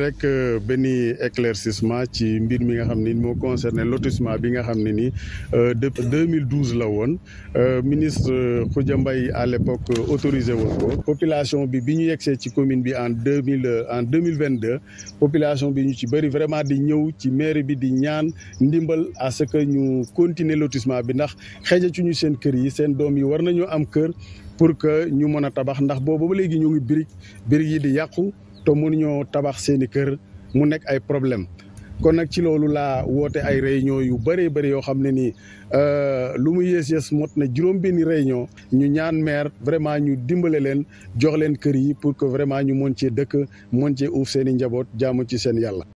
rek euh, benn éclaircissement ci mbir mi nga xam ni moo concerné lotissement bi nga xam ne nii depuis 2012 la woon euh, ministre euh, Khoudia Mbaye à l'époque autorisé woon ko population bi bi ñu yegsee ci commune bi en deux mille en deux mille vingt deux population bi ñu ci bëri vraiment di ñëw ci mairie bi di ñaan ndimbal à ce que ñu continuer lotissement bi ndax xëja ci ñu seen kër yi seen doom yi war nañu am kër pour que ñu mën a tabax ndax boobu ba léegi ñu ngi birig birig yi di yàqu te mënuñoo tabax seeni kër mu nekk ay problème kon nag ci loolu laa woote ay réunion yu bëree bëri yoo xam ne nii euh, lu mu yées yées mot na juróom benni réunion ñu ñaan maire vraiment ñu dimbale leen jox leen kër yi pour que vraiment ñu mën cee dëkk mën cee uuf seen i njaboot jaamu ci seen yàlla.